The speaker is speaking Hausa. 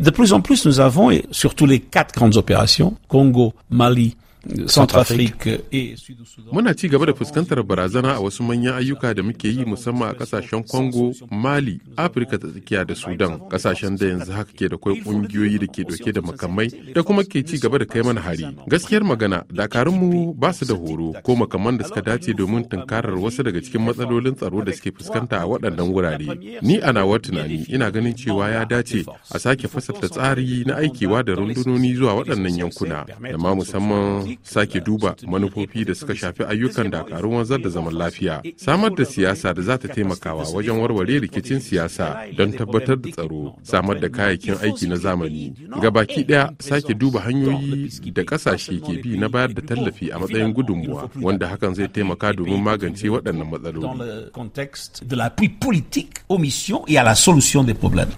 De plus en plus, nous avons, et surtout les quatre grandes opérations, Congo, Mali, Muna ci gaba da fuskantar barazana a wasu manyan ayyuka da muke yi musamman a kasashen Congo, Mali, Afirka ta tsakiya da Sudan, kasashen da yanzu haka ke da kwai kungiyoyi da ke dauke da makamai da kuma ke ci gaba da kai mana hari. Gaskiyar magana, dakarunmu ba su da horo ko makaman da suka dace domin tunkarar wasu daga cikin matsalolin tsaro da suke fuskanta a waɗannan wurare. Ni a nawa tunani ina ganin cewa ya dace a sake fasalta tsari na aikewa da rundunoni zuwa waɗannan yankuna, da ma musamman sake duba manufofi da suka shafi ayyukan dakarun wanzar da zaman lafiya samar da siyasa da za ta taimakawa wajen warware rikicin siyasa don tabbatar da tsaro samar da kayayyakin aiki na zamani ga baki daya sake duba hanyoyi da kasashe ke bi na bayar da tallafi a matsayin gudunmuwa wanda hakan zai taimaka domin magance waɗannan matsaloli. de